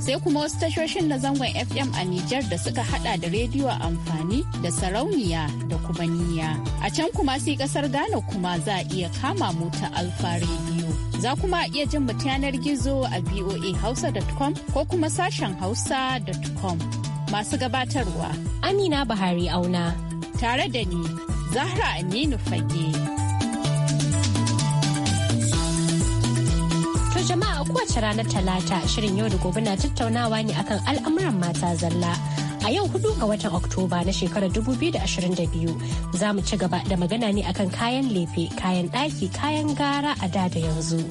sai kuma wasu tashoshin na zangon FM a Nijar da suka hada da rediyo amfani da sarauniya da kuma A can kuma sai kasar Ghana kuma za a iya kama mu ta Alfa Radio. Za kuma a iya jin mu yanar gizo a voahausa.com ko kuma sashen hausa.com. Masu gabatarwa Amina Bahari Auna. Tare da ni, Zahra Aminu Fage. kowace ranar talata shirin yau da gobe na tattaunawa ne akan al'amuran mata zalla. A yau hudu ga watan Oktoba na shekarar 2022 za mu ci gaba da magana ne akan kayan lefe, kayan ɗaki, kayan gara a da da yanzu.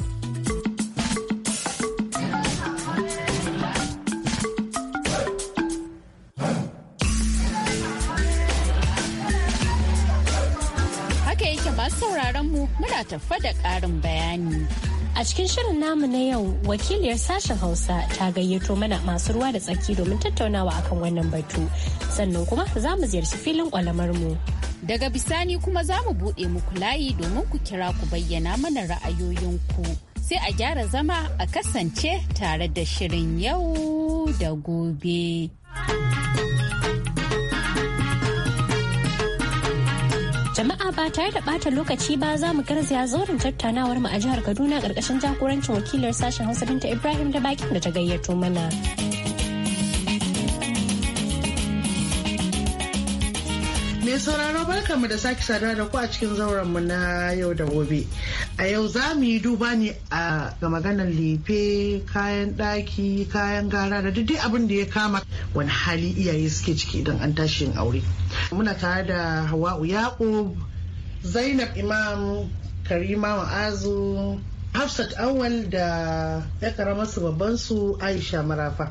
sauraron mu muna tafa da ƙarin bayani. A cikin shirin namu na yau wakiliyar sashen Hausa ta gayyato mana masu ruwa da tsaki domin tattaunawa akan wannan batu. Sannan kuma za mu ziyarci filin kwalamar mu. Daga bisani kuma za mu buɗe muku layi domin ku kira ku bayyana mana ra'ayoyinku. Sai a gyara zama a kasance tare da shirin yau da gobe. Jama'a ba tare da bata lokaci ba za mu garzaya zauren tattaunawar mu a jihar Kaduna ƙarƙashin jagorancin wakilar sashen Hausa Binta Ibrahim da bakin da ta gayyato mana. Mai sauraro barkamu da sake sadar da ku a cikin zaurenmu na yau da gobe. A yau za mu yi duba ne a ga maganar lefe, kayan ɗaki, kayan gara da duk abin da ya kama wani hali iyaye suke ciki idan an tashi yin aure. Muna tare da Hawa'u Yaqub, Zainab Imam, Karima Ma'azu, Hafsat Awal da ya su babban su Aisha Marafa.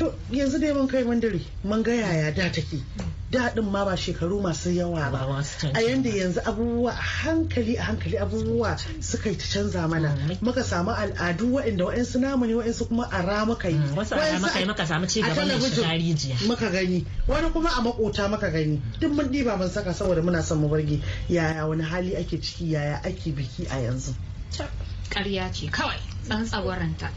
to yanzu dai mun kai wandare mun ga yaya da take daɗin ma ba shekaru masu yawa ba a yanda yanzu abubuwa a hankali a hankali abubuwa suka yi ta canza mana mm, muka samu al'adu waɗanda waɗansu namu ne waɗansu kuma a ramuka yi mm, wasu yi muka samu ci gaba ne shiga muka gani wani kuma a makota muka gani mm. duk mun ɗiba mun saka saboda muna son mu barge yaya wani hali ake ciki yaya ake biki a yanzu ƙarya ce kawai dan tsagwaranta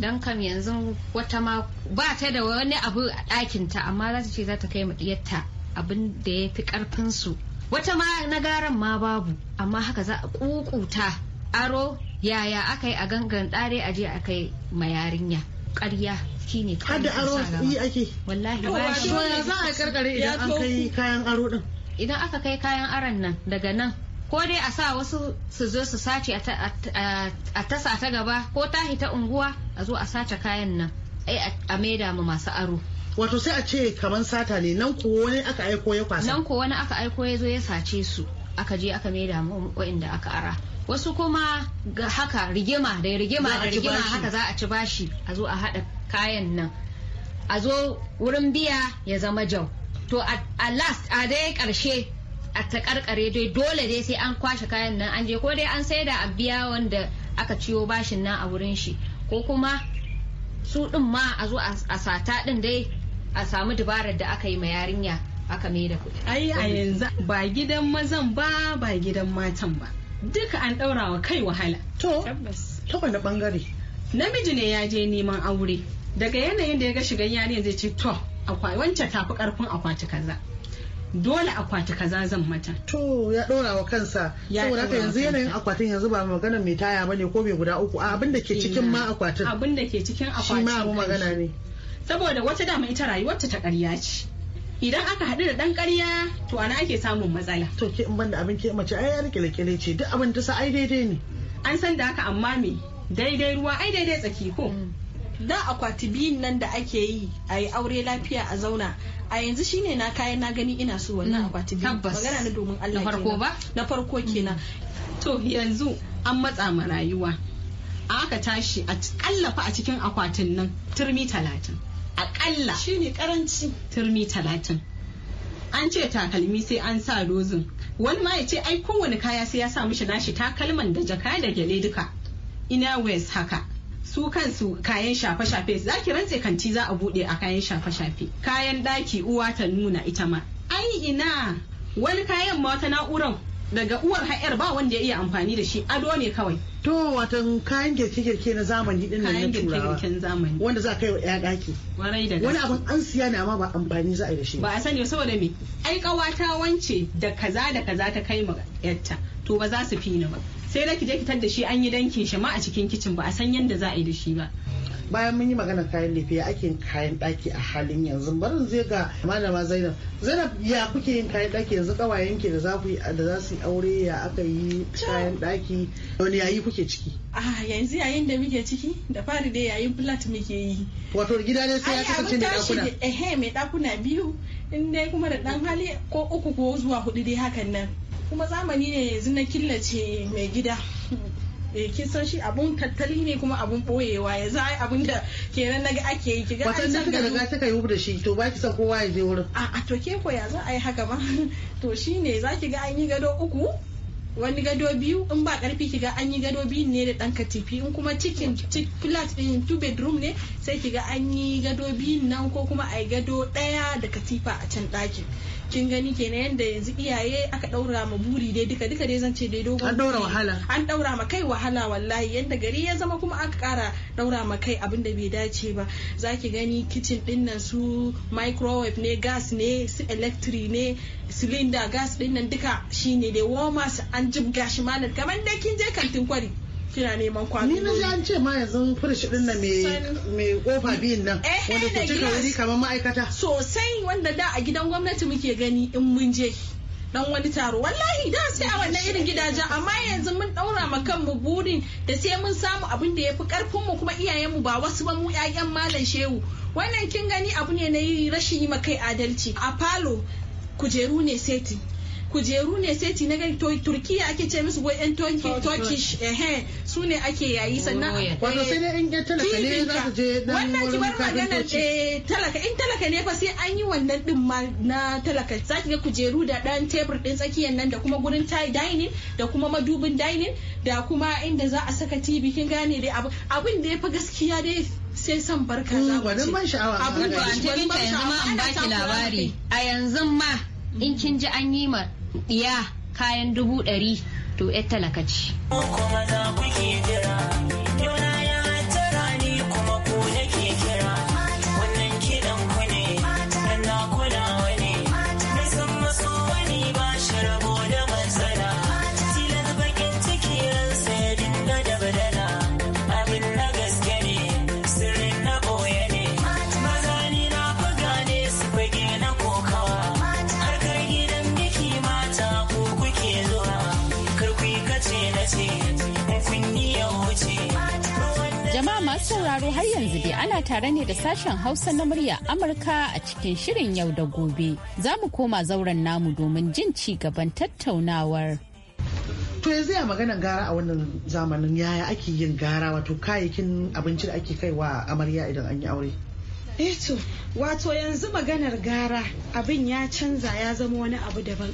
don kam yanzu wata ma ba ta da wani abu a ɗakinta amma za ta ce za ta kai maɗiyarta abin da ya fi ƙarfinsu wata ma na garan ma babu amma haka za a ƙuƙuta aro yaya aka yi a gangan ɗare a je a kai ma yarinya ƙarya shine kawai aro yi ake wallahi ba shi za a karkare idan an kai kayan aro din idan aka kai kayan aron nan daga nan ko dai a sa wasu su zo su sace a tasa ta gaba ko tahi ta unguwa a zo a sace kayan nan a maida mu masu aro wato sai a ce kamar sata ne nan ko wani aka aiko ya kwasa nan ko wani aka aiko ya zo ya sace su aka je aka maida mu waɗanda aka ara wasu kuma ga haka rigima da rigima da rigima haka za a ci bashi a zo a haɗa kayan nan a zo wurin biya ya zama jau to a last a dai ƙarshe a ta karkare dai dole dai sai an kwashe kayan nan an je ko dai an da a biya wanda aka ciwo bashin nan a wurin shi ko kuma su din ma a zo a sata din dai a samu dabarar da aka yi ma yarinya aka mai da kuɗi. Ai a yanzu ba gidan mazan ba ba gidan matan ba. Duka an ɗaura wa kai wahala. To, ta wani bangare. Namiji ne ya je neman aure. Daga yanayin da ya ga shigan yanayin zai ce to, wancan tafi karfin akwati kaza. dole akwati kaza zan mata to ya dora wa kansa saboda haka yanzu yanayin akwatin yanzu ba magana mai taya bane ko mai guda uku abin da ke cikin ma akwatin abin da ke cikin akwatin shi ma abu magana ne saboda wata dama ita rayuwarta ta ƙarya ce idan aka haɗu da ɗan ƙarya to ana ake samun matsala. To ke in banda abin ke mace ai yar kyalekyale ce duk abin ta sa ai daidai ne. An san da haka amma me daidai ruwa ai daidai tsaki ko. Mm. dan akwati biyun nan da ake yi a yi aure lafiya a zauna a yanzu shine na kayan na gani ina so wannan mm, akwati biyun. magana na domin Allah na farko ba na farko kenan mm. to yanzu an matsa ma rayuwa aka tashi a kallafa a cikin akwatin nan turmi talatin akalla shine karanci turmi talatin an ce takalmi sai an sa dozin wani ma ya ce ai kowane kaya sai ya sa mishi nashi takalman da jaka da gyale duka ina wes haka su kansu kayan shafe-shafe za ki rantse kanti za a buɗe a kayan shafe-shafe kayan ɗaki uwa ta nuna ita ma ai ina wani kayan ma wata na'urar daga uwar ha'yar ba wanda ya iya amfani da shi ado ne kawai to watan kayan girke-girke na zamani din nan na turawa zamani wanda za ka yi wa ɗaya daki wani abun an siya ne amma ba amfani za a yi da shi ba a sani saboda me ai kawata wance da kaza da kaza ta kai ma yatta to ba za su fi ni ba sai da ki je ki tar da shi an yi dankin shi ma a cikin kicin ba a san yadda za a yi da shi ba bayan mun yi magana kayan lefe ya ake kayan daki a halin yanzu barin zai ga malama zainab zainab ya kuke yin kayan daki yanzu kawayen ke da za ku da za su aure ya aka yi kayan daki wani yayi kuke ciki a ah, yanzu yayin da muke ciki da fari dai yayin flat muke yi wato gida ne sai ya kasance mai dakuna ehe mai dakuna biyu in dai kuma da dan hali ko uku ko zuwa hudu dai hakan nan kuma zamani ne yanzu na killace mai gida e kin shi abun tattali ne kuma abun boyewa yanzu abun da kenan naga ake yi kiga wata da kika riga kika yi da shi to ba ki san kowa ya je wurin a to ke ko ya za a yi haka ba to shine ki ga an yi gado uku wani gado biyu in ba karfi kiga an yi gado biyu ne da dan katifi in kuma cikin flat din two bedroom ne sai kiga an yi gado biyu nan ko kuma a yi gado ɗaya da katifa a can ɗakin kin gani kenan yanda yanzu iyaye aka daura ma buri dai duka duka dai zan ce dai dogon an daura wahala an daura ma kai wahala wallahi yanda gari ya zama kuma aka kara daura ma kai abin da bai dace ba zaki gani kitchen din nan su microwave ne gas ne su electric ne cylinder gas din nan duka shine dai warmers an jibga shi malam kamar da kin je kantin kwari kina neman kwano ni na ce ma yanzu furish din na mai kofa biyun nan eh, eh, wanda ke cika wuri kamar ma'aikata sosai wanda da a gidan gwamnati muke gani in mun je dan wani taro wallahi da sai a wannan irin gidajen amma yanzu mun daura ma kanmu burin da sai mun samu abin da yafi karfin mu kuma iyayen mu ba wasu ba mu ƴaƴan malam shehu wannan kin gani abu ne na yi rashin yi ma kai adalci a falo kujeru ne seti kujeru ne ti na gani turkiya ake ce musu wai yan turkish eh su ne ake yayi sannan wato sai dai in yan talaka ne za su je dan wannan ki bar magana ce talaka in talaka ne fa sai an yi wannan din ma na talaka zaki ga kujeru da dan tebur din tsakiyar nan da kuma gurin dining da kuma madubin dining da kuma inda za a saka tv kin gane dai abin da ya fa gaskiya dai sai son barka za ku hmm, ce. ban sha'awa. Abin ban sha'awa. Ana samun labari. A yanzu ma in kin ji an yi ma ɗiya kayan dubu ɗari to 'yar talaka ce. sauraro har yanzu dai ana tare ne da sashen Hausa na murya Amurka a cikin shirin yau da gobe. Za mu koma zauren namu domin jin ci gaban tattaunawar. to yanzu ya maganan gara a wannan zamanin yaya ake yin gara wato kayayyakin abinci da ake kaiwa amarya idan an yi aure eto eh wato yanzu maganar gara abin ya canza ya zama wani abu daban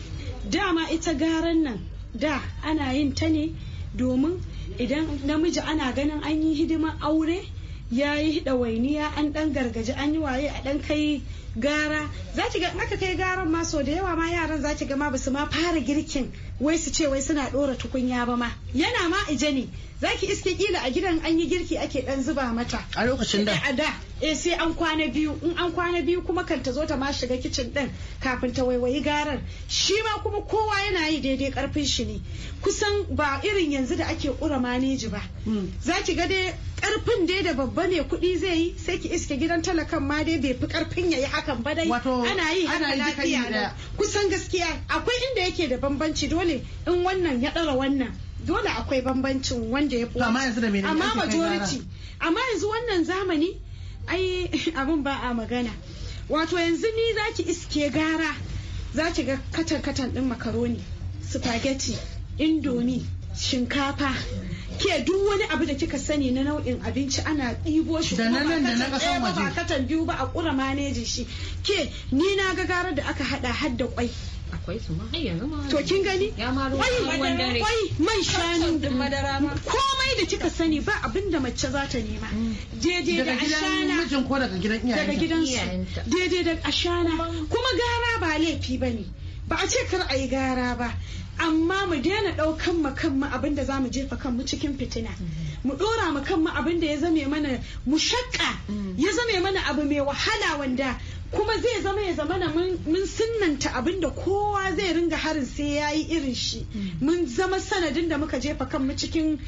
dama ita garan nan da ana yin ta ne domin idan namiji ana ganin an yi hidimar aure ya yi ɗawainiya an ɗan gargaji an yi waye a ɗan kai gara za ki ga in aka kai garan ma sau da yawa ma yaran za ki ga ma basu ma fara girkin wai su ce wai suna dora tukunya ba ma yana ma ije ne za ki iske kila a gidan an yi girki ake dan zuba mata a lokacin da eh, a da eh sai an kwana biyu in an kwana biyu kuma kan ta zo ta ma shiga kicin din kafin ta waiwayi garar shi ma kuma kowa yana yi daidai karfin shi ne kusan ba irin yanzu da ake kura maneji ba hmm. za ki ga dai karfin dai da babba ne kuɗi zai yi sai ki iske gidan talakan ma dai bai fi karfin ya yi haka hakan ba dai ana yi haka lafiya kusan gaskiya akwai inda yake da bambanci dole in wannan ya dara wannan dole akwai bambancin wanda ya fi amma majority amma yanzu wannan zamani ai abin ba a magana wato yanzu ni za ki iske gara za ki ga katan katan din makaroni spaghetti indomie. shinkafa ke duk wani abu da kika sani na nau'in abinci ana ɗibo shi kuma ba katan biyu ba a ƙura maneji shi ke ni na ga gara da aka hada har da kwai akwai su ma yanzu ma to kin gani kwai kwai man shanu da madara komai da kika sani ba abin da mace za ta nema daidai mm. da ashana daga gidan mijin ko daga gidan iyayenta daidai da ashana kuma gara ba laifi bane ba a ce kar a yi gara ba amma mu daina ɗaukan mu kanmu abin da za mu jefa kanmu cikin fitina mu ɗora mu kanmu abin da ya zame mana mushakka ya zame mana abu mai wahala wanda kuma zai zama ya zama na mun sinnanta abinda kowa zai ringa harin sai ya yi irin shi mun zama sanadin da muka jefa kanmu cikin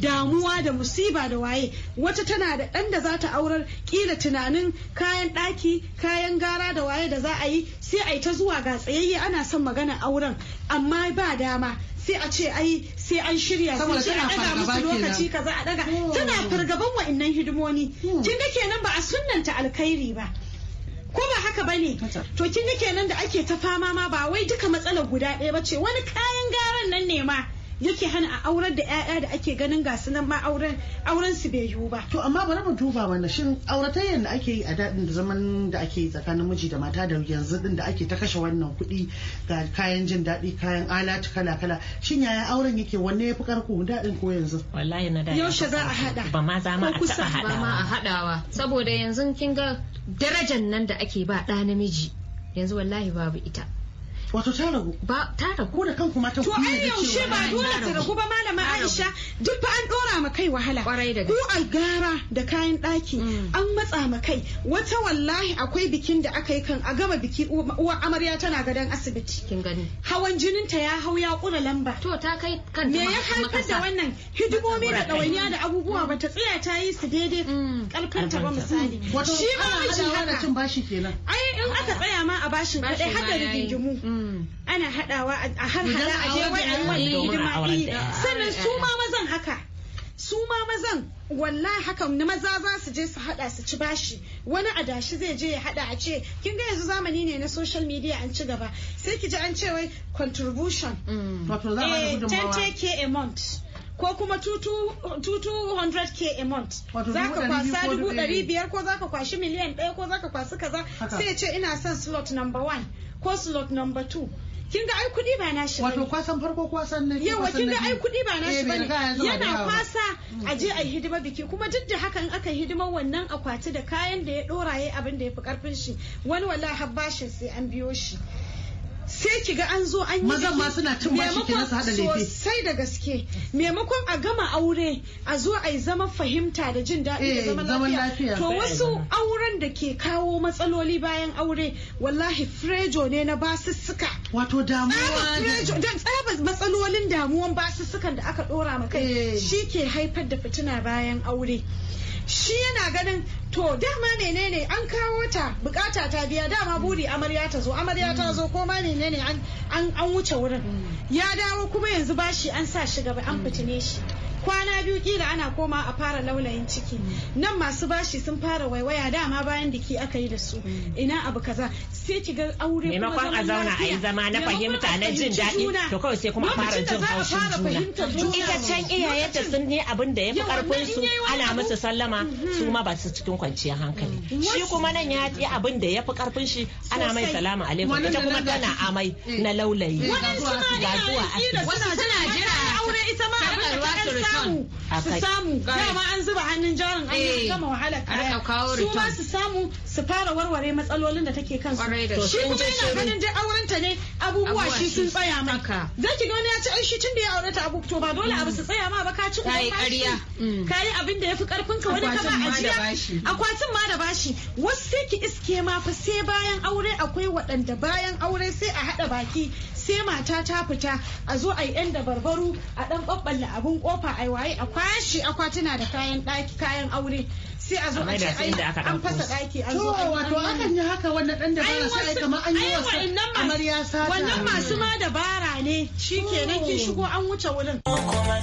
damuwa da musiba da waye wata tana da ɗan da za ta aurar kila tunanin kayan ɗaki kayan gara da waye da za a yi sai a yi ta zuwa ga tsayayye ana son magana auren amma ba dama sai a ce ai sai an shirya sai a daga musu lokaci kaza a daga tana hmm. fargaban wa'annan hidimoni hmm. kin ga kenan ba a sunnanta alkhairi ba ko ba haka bane to kin ga kenan da ake ta fama ma ba wai duka matsalar guda ɗaya ba ce wani kayan garan nan ne ma yake hana a aurar da 'ya'ya da ake ganin ga sunan nan ma auren auren su bai yiwu ba to amma bari mu duba wannan shin auratayyar da ake yi a daɗin zaman da ake yi tsakanin miji da mata da yanzu din da ake ta kashe wannan kuɗi ga kayan jin daɗi kayan alati kala kala shin yaya auren yake wanne yafi karko daɗin ko yanzu wallahi na da yaushe za a hada ba ma za ma a taɓa ba ma a haɗawa saboda yanzu kin ga darajar nan da ake ba ɗa namiji yanzu wallahi babu ita wato ta ragu ba ta ragu ko da kanku mata to ai yaushe ba dole ta ragu ba malama Aisha duk fa an dora ma kai wahala ku algara da kayan daki mm. an matsa ma kai wata wallahi akwai bikin da aka yi kan a gama biki uwa amarya tana gadan asibiti kin gani hawan jinin ta ya hau ya kura lamba to ta kai kan me ya haifar da wannan hidimomi da ɗawainiya da abubuwa mm. ba ta tsaya ta yi su daidai kalkanta mm. ba misali shi ba cin bashi kenan ai in aka tsaya ma a bashin kadai haka rigingimu ana haɗawa a har hala a je wani hidima sannan su ma mazan haka su ma mazan wallahi haka na maza za su je su hada su ci bashi wani adashi zai je ya hada a ce kin ga yanzu zamani ne na social media an ci gaba sai ki ji an ce wai contribution mm. wato za a 10k eh, a month ko kuma 200k a month za ka kwasa dubu biyar ko za ka kwashi miliyan 1 ko za ka kwasu kaza sai ce ina son slot number one ko slot number two kin ga ai kuɗi ba nashi wato kwasan farko kwasan na yawa kin ga ai kuɗi ba nashi eh, bane yana kwasa mm. a je a hidima biki kuma duk da hakan aka hidima wannan akwati da kayan da ya dora yayi abin da ya fi karfin shi wani wallahi habbashin sai an biyo shi sai ki ga an zo an yi mazan ma suna tun ba shi kina su hada laifi sosai da gaske maimakon a gama aure a zo a yi zama fahimta da jin daɗi da eh, zaman lafiya to wasu auren da ke kawo matsaloli bayan aure wallahi frejo ne na basussuka wato damuwa da tsaba matsalolin damuwan basussukan da aka dora ma kai eh. shi ke haifar da fitina bayan aure shi yana ganin to dama menene an kawo ta bukata ta biya dama buri amarya ta zo amarya ta zo ko ma menene an wuce wurin mm. ya dawo kuma yanzu bashi an sa shi gaba an fitine shi kwana biyu kila ana koma a fara laulayin ciki nan masu bashi sun fara waiwaya dama bayan biki aka yi da su mm. ina abu kaza sai ki ga aure kuma zaman a zauna a yi zama na fahimta na jin daɗi to kawai sai kuma fara jin haushin juna ita can iyaye da sun yi abin da ya fi karfin su ana musu sallama mm-hmm. su ma ba su cikin kwanciyar hankali mm-hmm. shi kuma nan ya yi abin da ya fi karfin shi ana mai salama alaikum ita kuma tana amai na laulayi ga zuwa asibiti suna jira aure ita ma samu su samu dama an zuba hannun jarin an yi eh, gama wahala kaya su ma su samu su fara warware matsalolin da take kansu shi kuma yana ganin dai aurenta ne abubuwa shi sun tsaya mai za ki ga ya ci ai shi tun da ya aure ta abu to ba dole abu su tsaya ma ba ka ci kuma mm. ka yi abin da ya fi karfin ka wani kama ajiya akwatin ma da bashi wasu sai ki iske ma fa sai bayan aure akwai waɗanda bayan aure sai a haɗa baki sai mata ta fita a zo a yi 'yan dabarbaru a ɗan ɓaɓɓalla abin ƙofa. a waye waye a kwashi akwatuna da kayan daki kayan aure sai a zo a ce ai an fasa ɗaki an zo an wato akan yi haka wannan dan dabara sai kamar an yi wasa ya sata wannan masu ma dabara ne shikenan kin shigo an wuce wurin kuma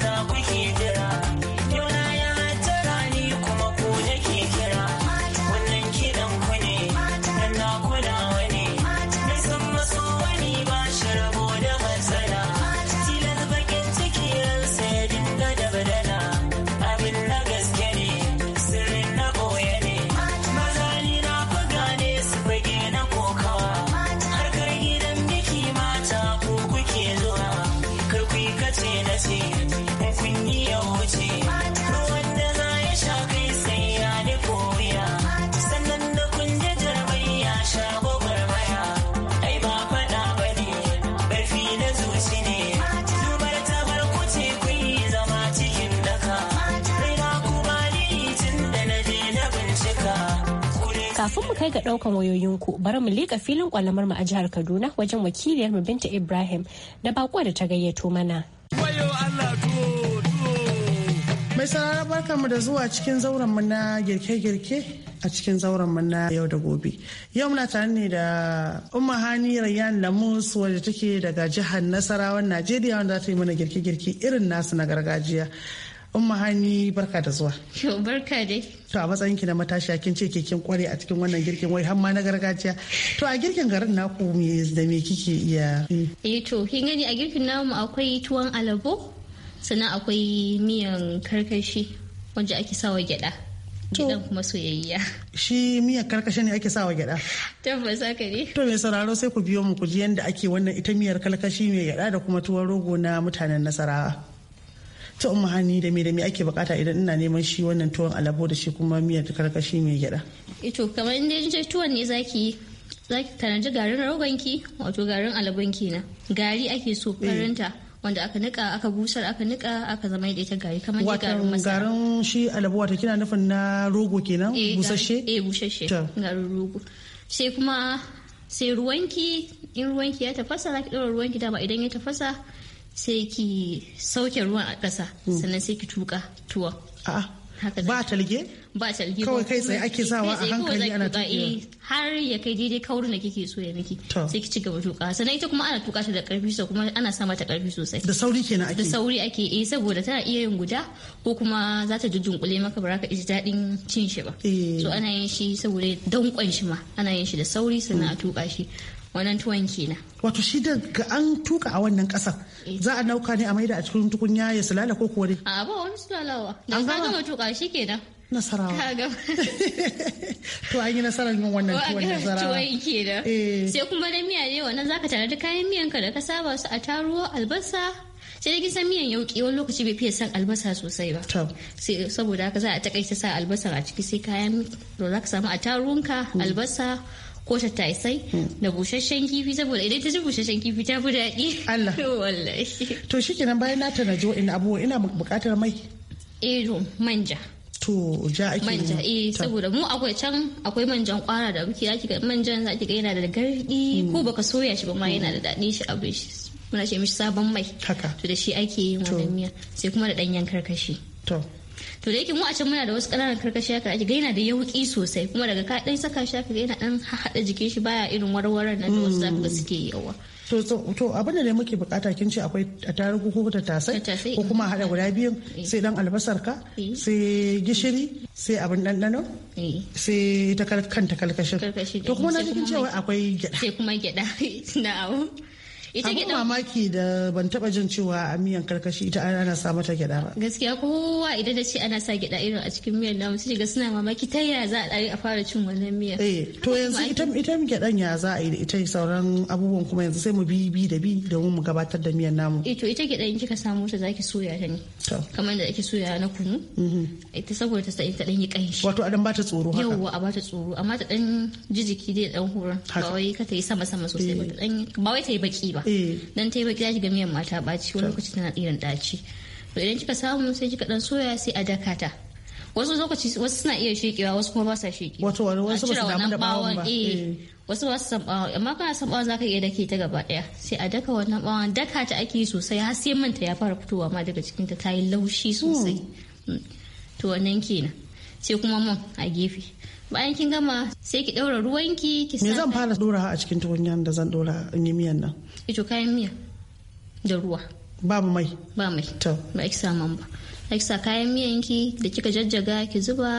ga ɗaukan wayoyinku bari mu lika filin kwalamar mu a jihar Kaduna wajen wakiliyar mu Binta Ibrahim da bako da ta gayyato mana. Mai sarara mu da zuwa cikin zauren mu na girke-girke a cikin zauren mu na yau da gobe. Yau muna tare ne da Umma Hani Rayyan Lamus wadda take daga jihar Nasarawan Najeriya wanda za ta yi mana girke-girke irin nasu na gargajiya. Umma hanyi barka da zuwa. Yau barka dai. To a matsayin ki na matashiya kin ce kin kware a cikin wannan girkin wai har ma na gargajiya. To a girkin garin naku me da me kike iya? Eh to kin gani a girkin namu akwai tuwon alabo sannan akwai miyan karkashi wanda ake sawa gyada. Gidan kuma soyayya. Shi miyan karkashi ne ake sawa gyada. Tabbas haka ne. To mai sauraro sai ku biyo mu ku ji yanda ake wannan ita miyar karkashi mai gyada da kuma tuwon rogo na mutanen Nasarawa. ta umma hani da me me ake bukata idan ina neman shi wannan tuwon alabo da shi kuma miyar karkashi mai gyada ito eh kamar inda yin tuwon ne zaki yi zaki tanaji garin rogonki wato garin alabon na gari ake so karanta. Eh. wanda aka nika aka busar aka nika aka zama da ita gari kamar garin masara garin shi alabo wata kina nufin na rogo kenan eh, busasshe eh busasshe garin rogo sai kuma sai ruwanki in ruwanki ya tafasa zaki ɗora ruwanki dama idan ya tafasa sai ki sauke ruwan a ƙasa mm. sannan sai ki tuka tuwa ba talge ba talge kawai kai tsaye ake sawa a hankali ana tuka eh, har ya kai daidai kaurin da kike so ya miki sai ki ci gaba tuka sannan ita kuma ana tuka ta da karfi so kuma ana sa mata karfi sosai da sauri kenan ake da sauri ake eh saboda tana iya yin guda ko kuma za ta jujjunkule maka ba ka ji daɗin cin shi ba eh. so ana yin shi saboda danƙon shi ma ana yin shi da sauri sannan a tuka shi wannan tuwon kenan wato shi da an tuka a wannan ƙasar. Eh. za a nauka ne a maida a cikin tukunya ya sulala ko kuwa ne a ba wani sulalawa da ka gama tuka shi kenan nasarawa to an yi nasarar yin wannan tuwon nasarawa kenan eh. sai kuma da miya ne wannan zaka tare da kayan miyanka da ka saba su a taruwa albasa sai da gisa miyan yauki wani lokaci bai fiye san albasa sosai ba saboda haka za a takaita sa albasa a ciki sai kayan da za ka samu a tarunka hmm. albasa ko ta taisai da busasshen kifi saboda idan ta ci busasshen kifi ta fi daɗi. Allah. To To shikenan bayan na tana jo ina abubuwa ina buƙatar mai. Eh manja. to ja ake manja eh saboda mu akwai can akwai manjan kwara da muke zaki ga manjan zaki ga yana da gardi hmm. ko baka soya shi ba ma yana da daɗi shi abin shi muna ce mishi sabon mai haka to da shi ake yin wannan miya sai kuma da ɗanyen karkashi to to da yake mu a can muna da wasu ƙananan karkashi haka ake gaina da yauki sosai kuma daga ka dan saka shi haka yana dan haɗa jikin shi baya irin warwaran nan da wasu zaka ga suke yawa to to abin da ne muke bukata kin ce akwai tarugu ko tasai ko kuma haɗa guda biyun eh. sai dan albasar ka eh. sai gishiri sai abin ɗanɗano eh. sai ta kanta kalkashin to kuma na cikin cewa akwai gyada sai kuma gyada na'am ita gyaɗa mamaki da ban taba jin cewa a miyan karkashi ita ana sa mata gyada ba gaskiya kowa idan da ce ana sa gyada irin a cikin miyan namu sai ga suna mamaki ta yaya za a a fara cin wannan miyan eh to yanzu ita ita gyaɗan ya za a yi da ita sauran abubuwan kuma yanzu sai mu bi bi da bi domin mu gabatar da miyan namu eh to ita gyaɗan kika samu ta zaki soya ta ne kamar da ake soya na kunu mm-hmm. ita saboda ta sai ta dan yi kanshi wato a dan bata tsoro haka yawwa a bata tsoro amma ta dan jijiki dai dan hura. ba wai ka ta yi sama sama sosai ba eh. ta dan ba wai ta yi baki ba dan eh. ta yi baki zaki ga miyan mata ɓaci wani lokaci tana irin ɗaci to idan kika samu sai kika dan soya sai a daka ta wasu lokaci wasu suna iya shekewa wasu kuma ba sa shekewa wato wasu ba su damu da bawon ba eh. Eh. wasu ba su san bawon amma kana san bawon zaka iya dake ta gaba daya sai a daka wannan bawon daka ta ake sosai har sai manta ya fara fitowa ma daga cikin ta tayi laushi sosai hmm. Hmm. to wannan kenan sai kuma mun a gefe bayan kin gama sai ki daura ruwanki ki me zan fara ɗora a cikin tukunyan da zan ɗora in miyan nan ito kayan miya da ruwa babu mai ba mai to ba ki sa man ba ki sa kayan miyanki da kika jajjaga ki zuba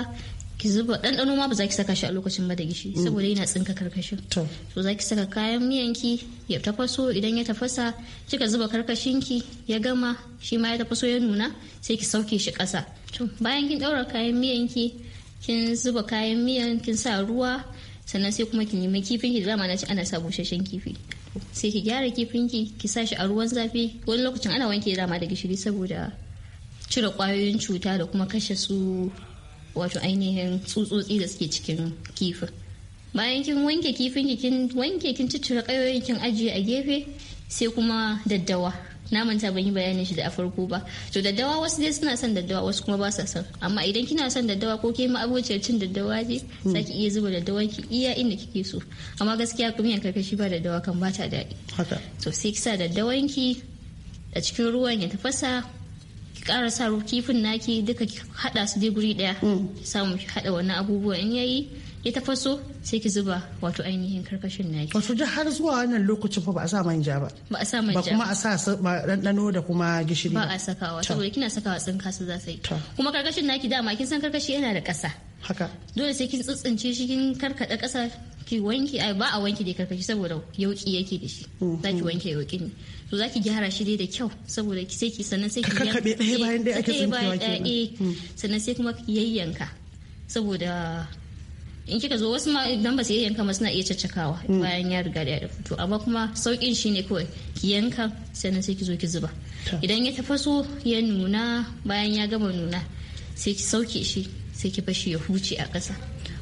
ki zuba ɗanɗano ma ba za ki saka shi a lokacin ba da gishi mm. saboda yana tsinka karkashin to za ki saka kayan miyanki ya tafaso idan ya tafasa kika zuba karkashin ki ya gama shi ma ya tafaso ya nuna sai ki sauke shi kasa to bayan kin ɗaura kayan miyanki kin zuba kayan miyan kin sa ruwa sannan sai kuma kin yi nemi kifin ki dama na ci ana sa busasshen kifi sai ki gyara kifin ki ki sa shi a ruwan zafi wani lokacin ana wanke dama da gishiri saboda cire kwayoyin cuta da kuma kashe su wato ainihin tsutsotsi da suke cikin kifin bayan kin wanke kifin ki kin wanke kin ciccire kayoyin kin ajiye a gefe sai kuma daddawa na manta ban yi bayanin shi da a farko ba to daddawa wasu dai suna son daddawa wasu kuma ba sa son amma idan kina son daddawa ko ke ma abociyar cin daddawa hmm. Za ki iya zuba daddawa ki iya inda kike so amma gaskiya miyan karkashi ba daddawa kan ba ta daɗi to sai ki sa daddawan ki a cikin ruwan ya tafasa ki ƙara sa kifin naki duka ki haɗa su dai guri ɗaya hmm. samu ki haɗa wannan abubuwan in yayi ya faso sai ki zuba wato ainihin karkashin naki wato duk har zuwa wannan lokacin fa ba a sa manja ba ba a sa manja ba kuma a sa ɗanɗano da kuma gishiri ba a sakawa saboda kina sakawa tsinka su za su yi kuma karkashin naki dama kin san karkashi yana da ƙasa haka dole sai kin tsitsince shi kin karkada ƙasa ki wanke ai ba a wanke da karkashi saboda yauki yake da shi mhm. za ki wanke yauki ne to za ki gyara shi dai da kyau saboda ki sai ki sannan sai ki kakkabe ɗaya bayan ɗaya ake eh, tsinkewa eh, kenan eh. Mhm. sannan sai kuma ki yayyanka saboda in kika zo wasu ma idan ba su iya yanka ma suna iya caccakawa mm. bayan ya riga da ya dafu amma kuma saukin shi ne kawai ki yanka sannan sai ki zo ki zuba idan ya tafaso ya nuna bayan ya gama nuna sai ki sauke shi sai ki bashi ya huce a ƙasa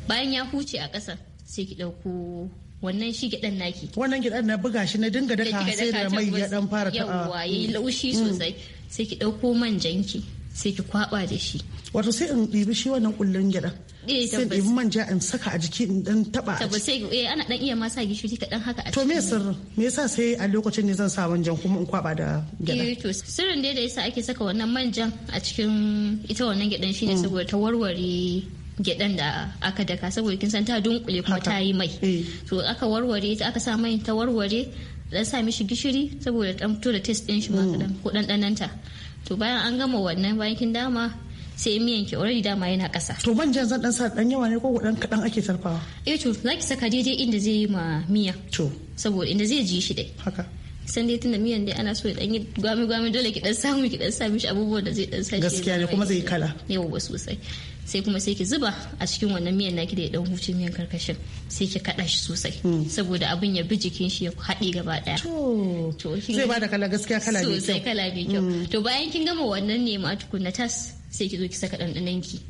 bayan ya huce a ƙasa sai ki ɗauko wannan shi gidan naki wannan gidan na buga shi na dinga daka sai da mai ya dan fara ta'a yauwa yayi mm. laushi sosai mm. sai ki ɗauko manjanki sai ki kwaba da shi wato sai in ɗibi shi wannan kullun gyaɗa eh, sai in ɗibi manja in saka a jiki in dan taɓa a sai eh ana dan iya ma sa gishiri kaɗan haka a to me sirri me yasa sai a lokacin ne zan sa manjan kuma in kwaba da gyaɗa eh, to sirrin da yasa ake saka wannan manjan a cikin ita wannan gyaɗan shine mm. saboda ta warware gyaɗan da aka daka saboda kin san ta dunkule kuma ta yi mai eh. to aka warware ta aka sa mai ta warware dan sa mishi gishiri saboda dan fito da taste din shi ma mm. kadan ko ta. to bayan an gama wannan bankin dama sai miyan ki already dama yana kasa to manjan zan dan sa dan yawa ne ko dan kadan ake sarfawa eh to zaki saka daidai inda zai yi ma miya to saboda inda zai ji shi dai haka san dai tunda miyan dai ana so ya dan yi gwami gwami dole ki dan samu ki dan sa mishi abubuwan da zai dan sa gaskiya ne kuma zai kala yawa sosai sai kuma sai ki zuba a cikin wannan miyan naki da ya dan huce miyan karkashin sai ki kada shi sosai hmm. saboda abin ya bi jikin shi ya haɗe gaba daya to zai bada kala gaskiya kala ne sosai kala ne kyau hmm. to bayan kin gama wannan ne ma tukunna tas sai ki zo ki saka dandanan ki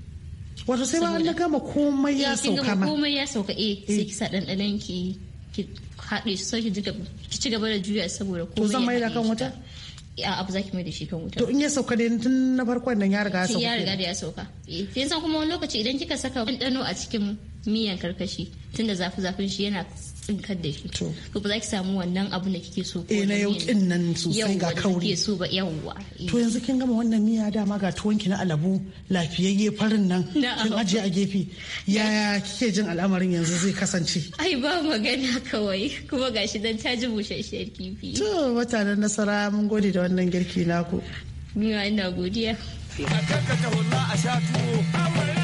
wato sai ba an gama komai ya sauka ma komai ya sauka eh sai eh. ki sa dandanan ki ki haɗe shi sai ki ci gaba da juya saboda komai ya zan mai da kan wata a abu zaki mai da shi kan wuta to in ya sauka dai tun na farkon nan ya riga ya sauka ya riga da ya sauka eh, kin san kuma wani lokaci idan kika saka ɗanɗano a cikin miyan karkashi tunda zafi zafin shi yana tsinkar da shi to ba za ki samu wannan abu da kike so ko eh, na yau kin nan sosai ga kauri so ba yawwa eh. to yanzu kin gama wannan miya dama ga tuwon ki na alabu lafiyayye farin nan kin ajiye a gefe yaya kike jin al'amarin yanzu zai kasance ai ba magana kawai kuma gashi dan ta ji bushasshiyar kifi to mutanen nasara mun gode da wannan girki naku ni ina godiya a kakkata wallahi a sha tuwo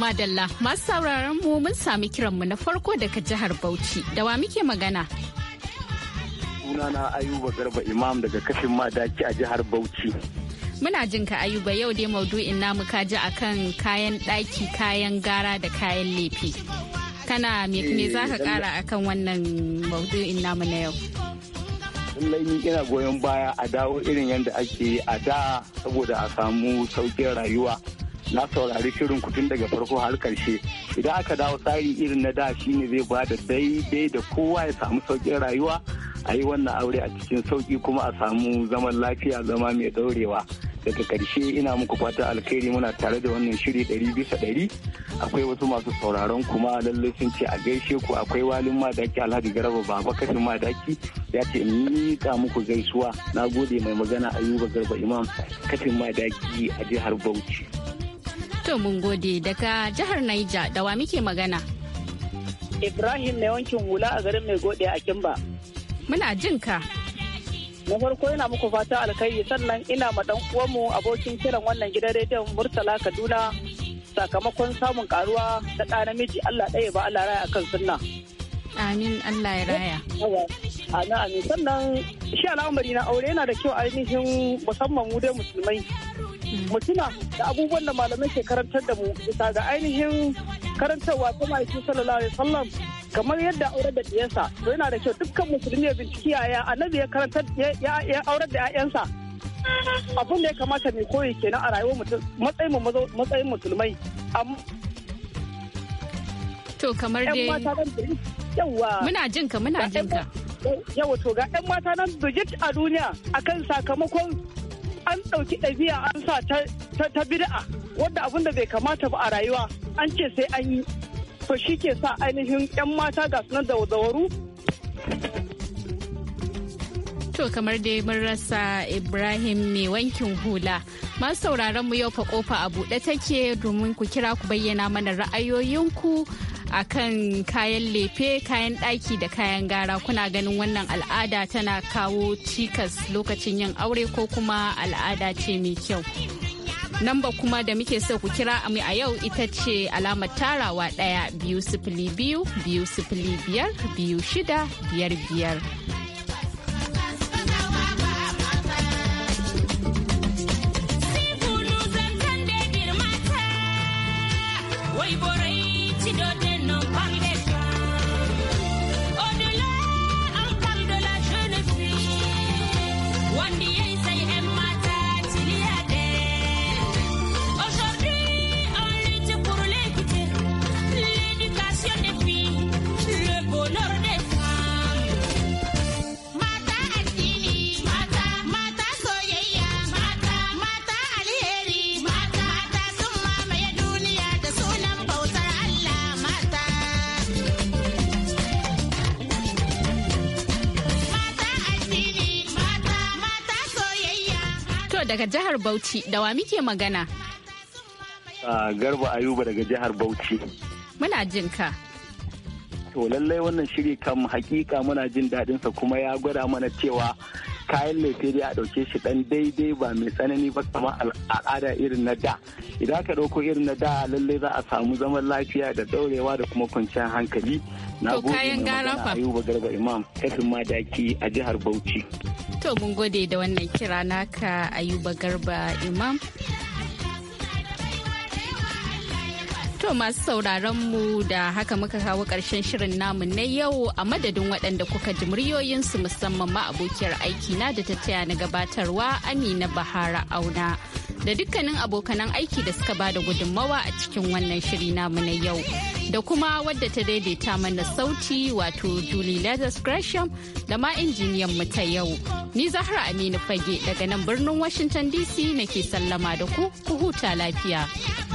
madalla masu sauraron mu mun sami kiran mu na farko daga jihar Bauchi. Da wa muke magana? Sunana Ayuba Garba Imam daga kashin madaki a jihar Bauchi. Muna jin ka Ayuba yau dai maudu'in namu ka ji akan kayan ɗaki, kayan gara da kayan lefi. Kana eh, me za ka kara akan wannan maudu'in namu na yau? lallai ni ina goyon baya a dawo irin yadda ake a da saboda a samu sauƙin rayuwa na saurari shirin kutun daga farko har karshe idan aka dawo tsari irin na da shi ne zai bada daidai da kowa ya samu sauƙin rayuwa a yi wannan aure a cikin sauƙi kuma a samu zaman lafiya zama mai daurewa daga karshe ina muku fatan alkhairi muna tare da wannan shiri ɗari bisa ɗari akwai wasu masu sauraron kuma lallai sun ce a gaishe ku akwai walin madaki alhaji garba baba kafin madaki ya ce in miƙa muku gaisuwa na gode mai magana ayuba garba imam kafin madaki a jihar bauchi. To mun gode daga jihar Niger da wa muke magana. Ibrahim ne wankin hula a garin mai gode a Kimba. Muna jin ka. Na farko yana muku fata alkai sannan ina ma dan uwanmu abokin kiran wannan gidan rediyon Murtala Kaduna sakamakon samun karuwa da ɗa namiji Allah ɗaya ba Allah raya akan sunna. Amin Allah ya raya. Amin amin sannan shi al'amari na aure yana da kyau ainihin musamman mu dai musulmai. mu tuna da abubuwan da malamai ke karantar da mu bisa ga ainihin karantarwa ta ma'aikin sallallahu alaihi wasallam kamar yadda aurar da ɗiyansa to yana da kyau dukkan musulmi ya binciki yaya annabi ya karantar ya aurar da 'ya'yansa abin da ya kamata mai koyi kenan a rayuwar mutum matsayin matsayin musulmai to kamar dai yawa muna jin ka muna jin ka yawa to ga 'yan mata nan bijit a duniya akan sakamakon an ɗauki ɗabi'a an sa ta bid'a wanda abun da bai kamata ba a rayuwa an ce sai an yi to shi ke sa ainihin 'yan mata ga sunan da dawaru to kamar dai mun rasa ibrahim mai wankin hula masu sauraron mu yau fa kofa a buɗe take domin ku kira ku bayyana mana ra'ayoyinku akan kayan lefe kayan ɗaki da kayan gara kuna ganin wannan al'ada tana kawo cikas lokacin yin aure ko kuma al'ada ce mai kyau namba kuma da muke so ku kira mu a yau ita ce alamar tarawa ɗaya biyu sifili biyu biyu sifili biyar biyu shida biyar biyar daga jihar Bauchi da wa muke magana? Ah, garba Ayuba daga jihar Bauchi. Muna jin ka. To lallai wannan shiri kan hakika muna jin daɗinsa kuma ya gwada mana cewa kayan lefe dai a ɗauke shi ɗan daidai ba mai tsanani ba kama al'ada irin na da idan ka ɗauko irin na da lallai za a samu zaman lafiya da ɗaurewa da kuma kwanciyar hankali na gode na ayuba garba imam kafin madaki a jihar bauchi To mun gode da wannan kira naka Ayuba Garba Imam. To masu sauraron mu da haka muka kawo ƙarshen shirin namu na yau a madadin waɗanda kuka ji muryoyinsu musamman ma abokiyar aiki na da ta taya na gabatarwa Amina Bahara Auna. da dukkanin abokanan aiki da suka bada gudunmawa a cikin wannan shiri namu na yau. Da kuma wadda ta daidaita mana sauti wato Julie Lazarus Gresham da ma injiniyan mu ta yau. Ni Zahra Aminu Fage daga nan birnin Washington DC nake sallama da ku, ku huta lafiya.